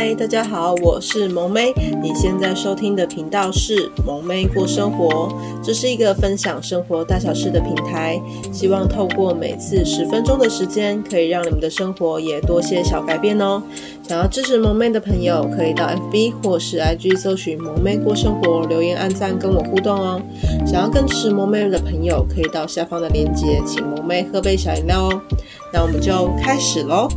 嗨，Hi, 大家好，我是萌咩。你現在收聽的頻道是萌咩過生活，這是一個分享生活大小事的平台。希望透過每次十分鐘的時間，可以讓你們的生活也多些小改變哦。想要支持萌咩的朋友，可以到 FB 或是 IG 搜尋萌咩過生活，留言、按贊，跟我互動哦。想要更支持萌咩的朋友，可以到下方的鏈接，請萌咩喝杯小飲料哦。那我們就開始嘍。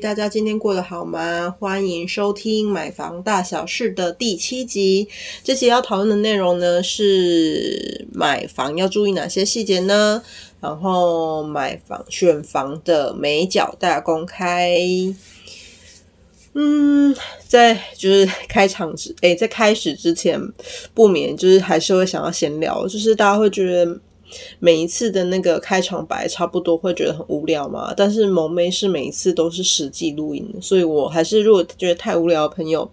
大家今天過得好嗎？歡迎收聽《買房大小事》的第七集。這期要討論的內容呢，是買房要注意哪些細節呢？然後買房選房的眉角，大公開。嗯，在就是開場之誒，在開始之前，不免就是還是會想要閒聊，就是大家會覺得。每一次的那個開場白差不多會覺得很無聊嘛，但是萌咩是每一次都是實際錄音，所以我還是如果覺得太無聊的朋友，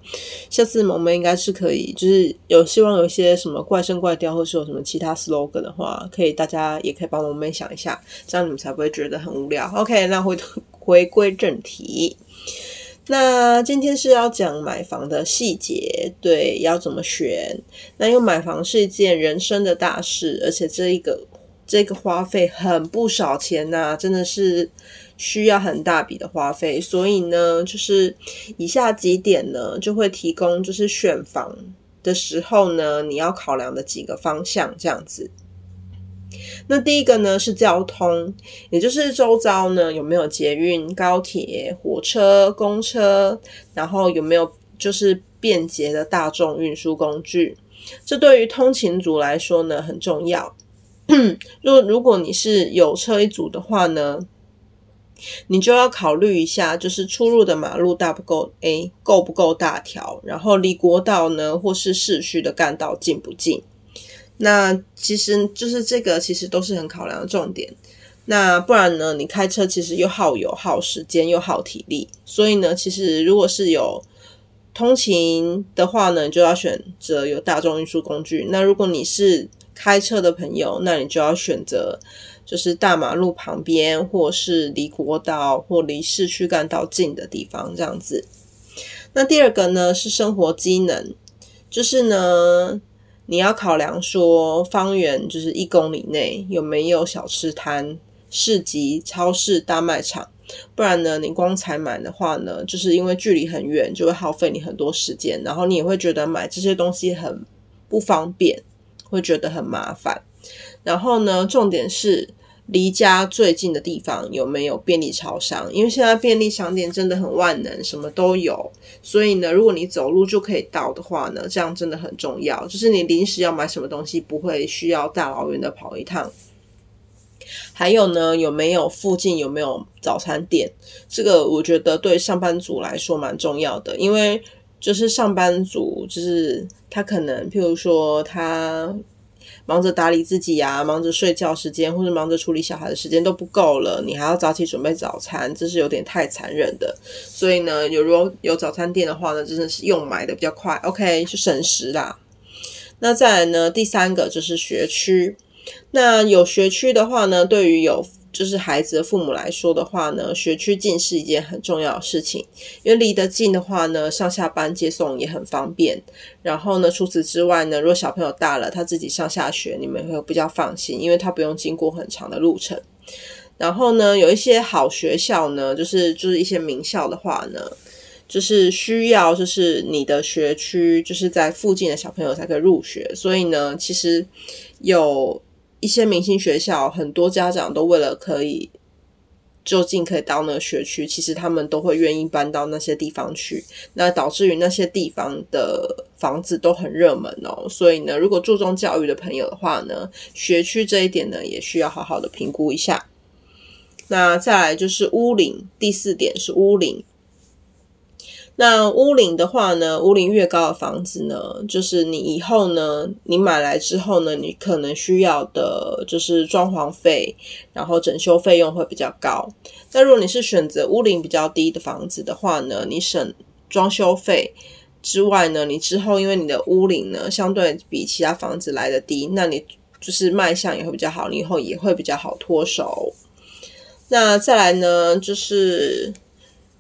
下次萌咩應該是可以，就是有希望有一些什麼怪聲怪調，或是有什麼其他 slogan 的話，可以大家也可以幫萌咩想一下，這樣你們才不會覺得很無聊。OK，那回回歸正題。那今天是要講買房的細節，對，要怎麼選？那因為買房是一件人生的大事，而且這一個這個花費很不少錢吶、啊，真的是需要很大筆的花費。所以呢，就是以下幾點呢，就會提供就是選房的時候呢，你要考量的幾個方向，這樣子。那第一個呢，是交通，也就是周遭，呢有沒有捷運、高鐵、火車、公車，然後有沒有就是便捷的大眾運輸工具。這對於通勤族來說呢很重要。若 如果你是有車一族的話呢，你就要考慮一下，就是出入的馬路大不夠，哎，夠不夠大條？然後離國道呢或是市區的幹道近不近？那其實就是這個，其實都是很考量的重點。那不然呢？你開車其實又耗油、耗時間、又耗體力，所以呢，其實如果是有通勤的話呢，你就要選擇有大眾運輸工具。那如果你是開車的朋友，那你就要選擇就是大馬路旁邊，或是離國道或離市區幹道近的地方這樣子。那第二個呢是生活機能，就是呢。你要考量說，方圓就是一公里內有沒有小吃攤、市集、超市、大賣場，不然呢，你光採買的話呢，就是因為距離很遠，就會耗費你很多時間，然後你也會覺得買這些東西很不方便，會覺得很麻煩。然後呢，重點是。離家最近的地方有沒有便利超商？因為現在便利商店真的很萬能，什麼都有。所以呢，如果你走路就可以到的話呢，這樣真的很重要。就是你臨時要買什麼東西，不會需要大老遠的跑一趟。還有呢，有沒有附近有沒有早餐店？這個我覺得對上班族來說蠻重要的，因為就是上班族就是他可能，譬如說他。忙着打理自己呀、啊，忙着睡覺時間，或者忙着處理小孩的時間都不夠了，你還要早起準備早餐，這是有點太殘忍的。所以呢，有如果有早餐店的話呢，真的是用買的比較快，OK，就省時啦。那再來呢，第三個就是學區，那有學區的話呢，對於有。就是孩子的父母來說的話呢，學區近是一件很重要的事情，因為離得近的話呢，上下班接送也很方便。然後呢，除此之外呢，如果小朋友大了，他自己上下學，你們會比較放心，因為他不用經過很長的路程。然後呢，有一些好學校呢，就是就是一些名校的話呢，就是需要就是你的學區，就是在附近的小朋友才可以入學。所以呢，其實有。一些明星學校，很多家長都為了可以就近可以到那個學區，其實他們都會願意搬到那些地方去。那導致於那些地方的房子都很熱門哦。所以呢，如果注重教育的朋友的話呢，學區這一點呢，也需要好好的評估一下。那再來就是屋齡，第四點是屋齡。那屋齡的話呢，屋齡越高的房子呢，就是你以後呢，你買來之後呢，你可能需要的就是裝潢費，然後整修費用會比較高。那如果你是選擇屋齡比較低的房子的話呢，你省裝修費之外呢，你之後因為你的屋齡呢相對比其他房子來得低，那你就是賣相也會比較好，你以後也會比較好脫手。那再來呢，就是，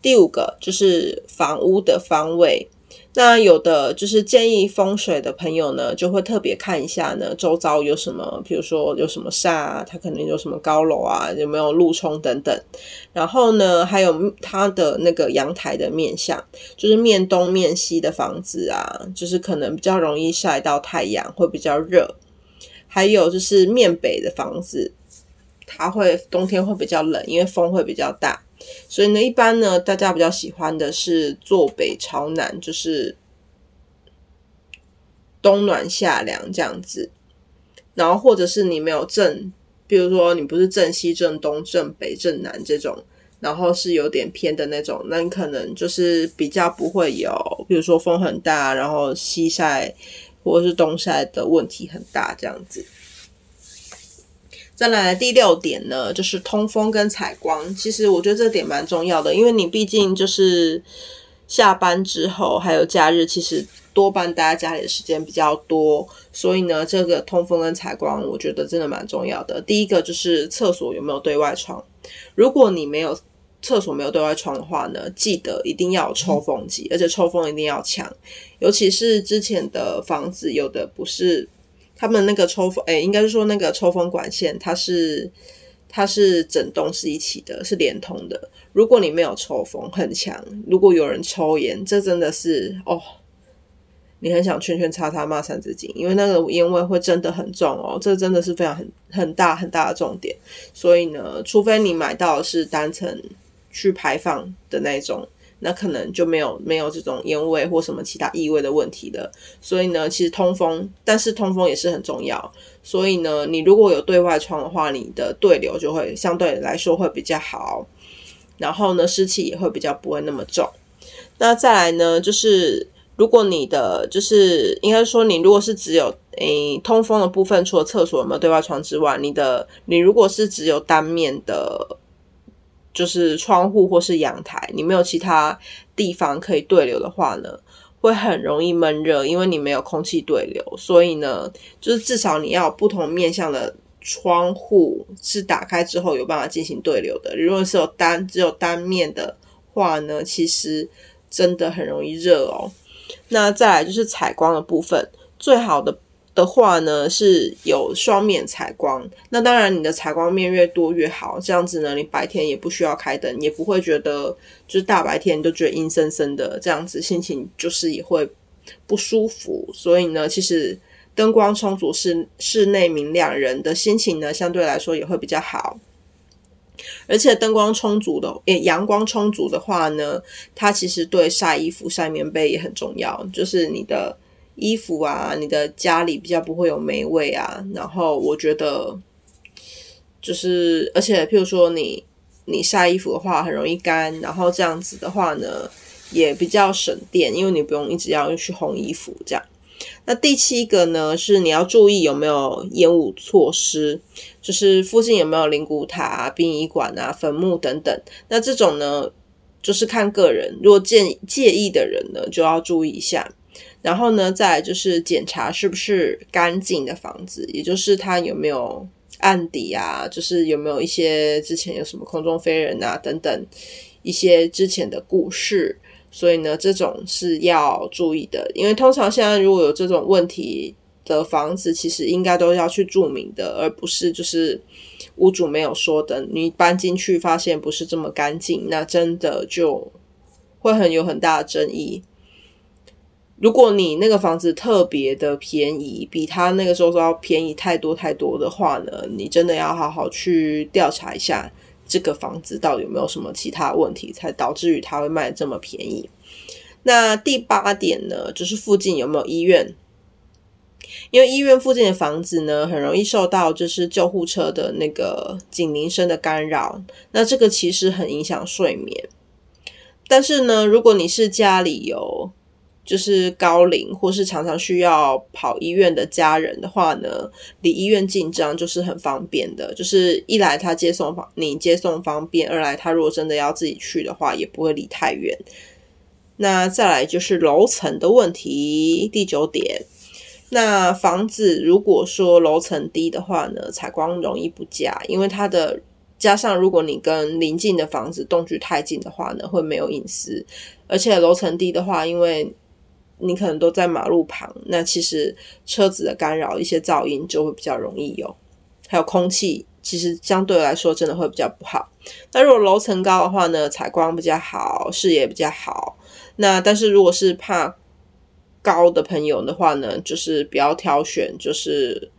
第五個就是房屋的方位，那有的就是建議風水的朋友呢，就會特別看一下呢，周遭有什麼，比如說有什麼煞啊，它可能有什麼高樓啊，有沒有路衝等等。然後呢，還有它的那個陽台的面向，就是面東面西的房子啊，就是可能比較容易曬到太陽，會比較熱。還有就是面北的房子，它會冬天會比較冷，因為風會比較大。所以呢，一般呢，大家比較喜歡的是坐北朝南，就是冬暖夏涼這樣子。然後或者是你沒有正，比如說你不是正西、正東、正北、正南這種，然後是有點偏的那種，那你可能就是比較不會有，比如說風很大，然後西曬或是東曬的問題很大這樣子。再來第六點呢，就是通風跟採光。其實我覺得這點蠻重要的，因為你畢竟就是下班之後還有假日，其實多半待在家裡的時間比較多，所以呢，這個通風跟採光我覺得真的蠻重要的。第一個就是廁所有沒有對外窗，如果你沒有廁所沒有對外窗的話呢，記得一定要有抽風機，而且抽風一定要強，尤其是之前的房子有的不是。他們那個抽風，哎、欸，應該是說那個抽風管線，它是它是整棟是一起的，是連通的。如果你沒有抽風很強，如果有人抽菸，這真的是哦，你很想圈圈叉叉罵三字經，因為那個煙味會真的很重哦，這真的是非常很很大很大的重點。所以呢，除非你買到的是單層去排放的那種。那可能就沒有沒有這種煙味或什麼其他異味的問題了。所以呢，其實通風，但是通風也是很重要。所以呢，你如果有對外窗的話，你的對流就會相對來說會比較好。然後呢，濕氣也會比較不會那麼重。那再來呢，就是如果你的，就是應該說你如果是只有誒、欸、通風的部分，除了廁所有沒有對外窗之外，你的你如果是只有單面的。就是窗戶或是陽台，你沒有其他地方可以對流的話呢，會很容易悶熱，因為你沒有空氣對流。所以呢，就是至少你要有不同面向的窗戶是打開之後有辦法進行對流的。如果是有單只有單面的話呢，其實真的很容易熱哦。那再來就是採光的部分，最好的，的話呢是有雙面採光，那當然你的採光面越多越好，這樣子呢，你白天也不需要開燈，也不會覺得就是大白天都覺得陰森森的，這樣子心情就是也會不舒服。所以呢，其實燈光充足室室內明亮，人的心情呢相對來說也會比較好。而且燈光充足的，欸、陽光充足的話呢，它其實對曬衣服、曬棉被也很重要，就是你的，衣服啊，你的家裡比較不會有霉味啊。然後我覺得，就是而且譬如說你你曬衣服的話很容易乾，然後這樣子的話呢也比較省電，因為你不用一直要去烘衣服這樣。那第七個呢是你要注意有沒有嫌惡設施，就是附近有沒有靈骨塔、殯儀館啊、墳墓等等。那這種呢就是看個人，如果介介意的人呢就要注意一下。然後呢，再來就是檢查是不是乾淨的房子，也就是它有沒有案底啊，就是有沒有一些之前有什麼空中飛人啊等等一些之前的故事。所以呢，這種是要注意的，因為通常現在如果有這種問題的房子，其實應該都要去注明的，而不是就是屋主沒有說的。你搬進去發現不是這麼乾淨，那真的就會很有很大的爭議。如果你那個房子特別的便宜，比他那個時候要便宜太多太多的話呢，你真的要好好去調查一下這個房子到底有沒有什麼其他的問題，才導致於他會賣得這麼便宜。那第八點呢，就是附近有沒有醫院？因為醫院附近的房子呢，很容易受到就是救護車的那個警鈴聲的干擾，那這個其實很影響睡眠。但是呢，如果你是家裡有就是高齡或是常常需要跑醫院的家人的話呢，離醫院近，這樣就是很方便的。就是一來他接送方你接送方便，二來他如果真的要自己去的話，也不會離太遠。那再來就是樓層的問題，第九點。那房子如果說樓層低的話呢，採光容易不佳，因為它的加上如果你跟臨近的房子棟距太近的話呢，會沒有隱私。而且樓層低的話，因為你可能都在馬路旁，那其實車子的干擾、一些噪音就會比較容易有，還有空氣其實相對來說真的會比較不好。那如果樓層高的話呢，採光比較好，視野比較好。那但是如果是怕高的朋友的話呢，就是不要挑選就是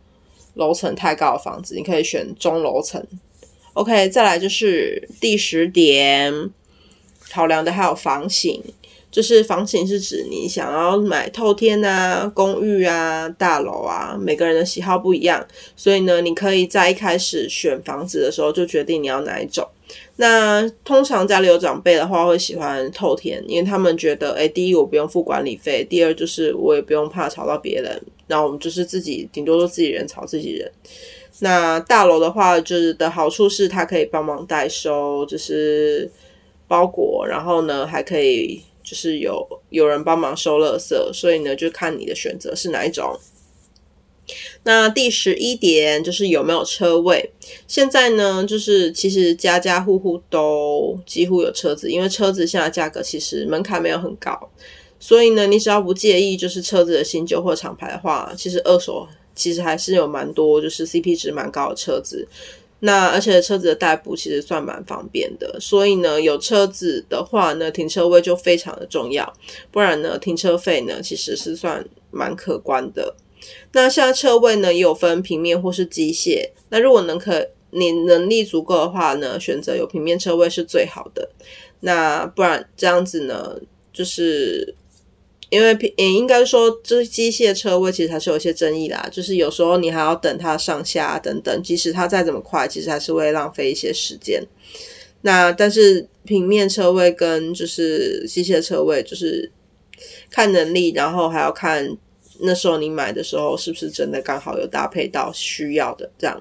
樓層太高的房子，你可以選中樓層。OK，再來就是第十點，考量的還有房型。就是房型是指你想要買透天啊、公寓啊、大樓啊，每個人的喜好不一樣，所以呢，你可以在一開始選房子的時候就決定你要哪一種。那通常家裡有長輩的話會喜歡透天，因為他們覺得，哎、欸，第一我不用付管理費，第二就是我也不用怕吵到別人，那我們就是自己，頂多做自己人吵自己人。那大樓的話，就是的好處是它可以幫忙代收，就是包裹，然後呢還可以。就是有有人幫忙收垃圾，所以呢，就看你的選擇是哪一種。那第十一點就是有沒有車位。現在呢，就是其實家家戶戶都幾乎有車子，因為車子現在價格其實門檻沒有很高，所以呢，你只要不介意就是車子的新舊或廠牌的話，其實二手其實還是有蠻多就是 CP 值蠻高的車子。那而且車子的代步其實算蠻方便的，所以呢，有車子的話呢，停車位就非常的重要，不然呢，停車費呢其實是算蠻可觀的。那現在車位呢也有分平面或是機械，那如果能可你能力足夠的話呢，選擇有平面車位是最好的，那不然這樣子呢就是。因為平，應該說，這機械車位其實還是有一些爭議啦。就是有時候你還要等它上下等等，即使它再怎麼快，其實還是會浪費一些時間。那但是平面車位跟就是機械車位，就是看能力，然後還要看。那時候你買的時候是不是真的剛好有搭配到需要的這樣？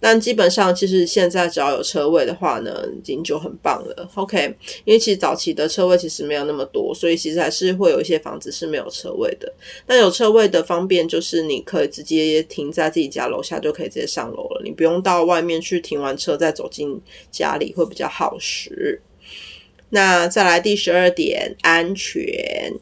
但基本上其實現在只要有車位的話呢，已經就很棒了。OK，因為其實早期的車位其實沒有那麼多，所以其實還是會有一些房子是沒有車位的。那有車位的方便就是你可以直接停在自己家樓下，就可以直接上樓了，你不用到外面去停完車再走進家裡，會比較耗時。那再來第十二點，安全。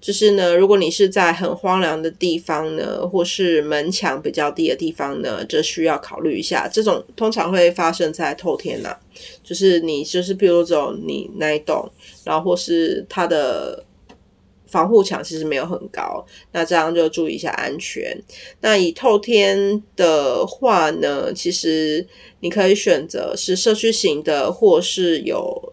就是呢，如果你是在很荒涼的地方呢，或是門牆比較低的地方呢，這需要考慮一下。這種通常會發生在透天啊，就是你就是比如說你那一棟，然後或是它的防護牆其實沒有很高，那這樣就注意一下安全。那以透天的話呢，其實你可以選擇是社區型的，或是有。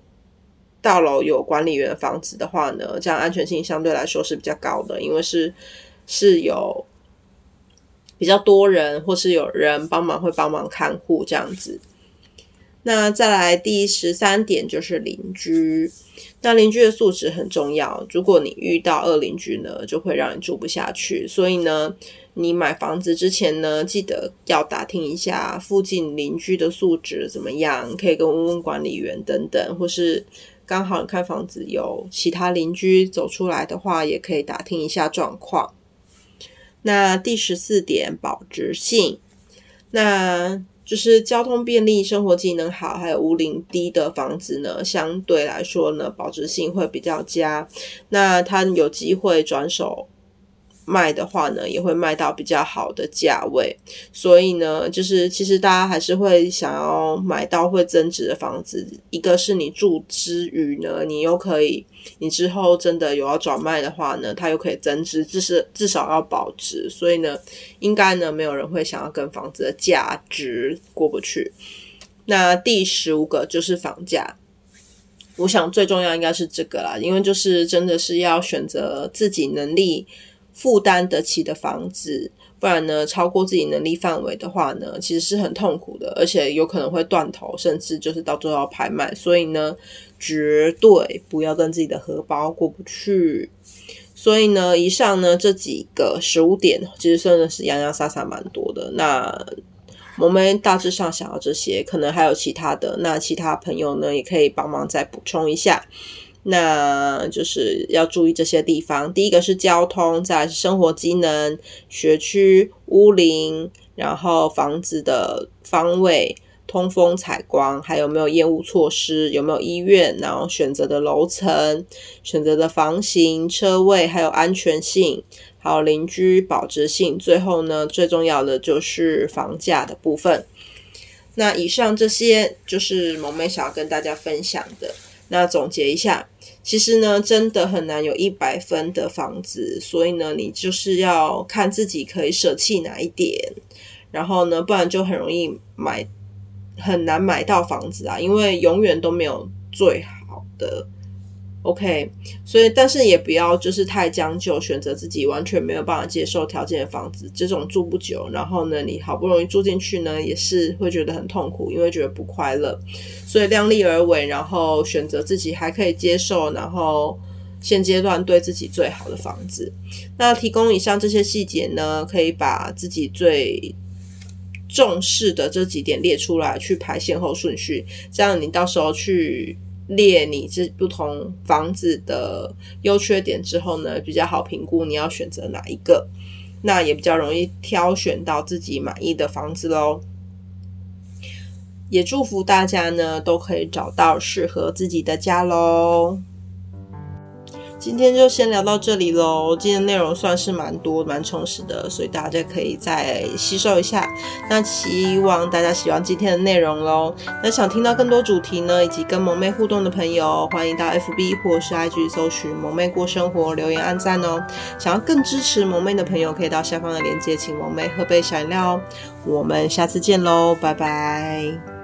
大樓有管理員的房子的話呢，這樣安全性相對來說是比較高的，因為是是有比較多人，或是有人幫忙會幫忙看護這樣子。那再來第十三點就是鄰居，那鄰居的素質很重要。如果你遇到惡鄰居呢，就會讓你住不下去。所以呢，你買房子之前呢，記得要打聽一下附近鄰居的素質怎麼樣，可以跟問問管理員等等，或是。剛好你看房子有其他鄰居走出來的話，也可以打聽一下狀況。那第十四點，保值性，那就是交通便利、生活技能好，還有屋齡低的房子呢，相對來說呢，保值性會比較佳。那他有機會轉手，賣的話呢，也會賣到比較好的價位，所以呢，就是其實大家還是會想要買到會增值的房子。一個是你住之餘呢，你又可以，你之後真的有要轉賣的話呢，它又可以增值，至少至少要保值。所以呢，應該呢，沒有人會想要跟房子的價值過不去。那第十五個就是房價，我想最重要應該是這個啦，因為就是真的是要選擇自己能力。負擔得起的房子，不然呢，超過自己能力範圍的話呢，其實是很痛苦的，而且有可能會斷頭，甚至就是到最後要拍賣。所以呢，絕對不要跟自己的荷包過不去。所以呢，以上呢，這幾個十五點，其實真的是洋洋灑灑蠻多的。那我們大致上想要這些，可能還有其他的。那其他朋友呢，也可以幫忙再補充一下。那就是要注意這些地方。第一個是交通，再來是生活機能，學區、屋齡，然後房子的方位、通風採光，還有沒有煙霧措施，有沒有醫院，然後選擇的樓層、選擇的房型、車位，還有安全性，還有鄰居、保值性。最後呢，最重要的就是房價的部分。那以上這些就是萌咩想要跟大家分享的。那總結一下，其實呢，真的很難有一百分的房子，所以呢，你就是要看自己可以捨棄哪一點，然後呢，不然就很容易買，很難買到房子啊，因為永遠都沒有最好的。OK，所以但是也不要就是太將就，選擇自己完全沒有辦法接受條件的房子，這種住不久，然後呢，你好不容易住進去呢，也是會覺得很痛苦，因為覺得不快樂，所以量力而為，然後選擇自己還可以接受，然後現階段對自己最好的房子。那提供以上這些細節呢，可以把自己最重視的這幾點列出來，去排先後順序，這樣你到時候去。列你這不同房子的優缺點之後呢，比較好評估你要選擇哪一個，那也比較容易挑選到自己滿意的房子嘍。也祝福大家呢，都可以找到適合自己的家嘍。今天就先聊到這裡嘍，今天內容算是蠻多、蠻充實的，所以大家可以再吸收一下。那希望大家喜歡今天的內容嘍。那想聽到更多主題呢，以及跟萌咩互動的朋友，歡迎到 FB 或者是 IG 搜尋“萌咩過生活”，留言、按贊哦。想要更支持萌咩的朋友，可以到下方的鏈接，請萌咩喝杯小飲料哦。我們下次見嘍，拜拜。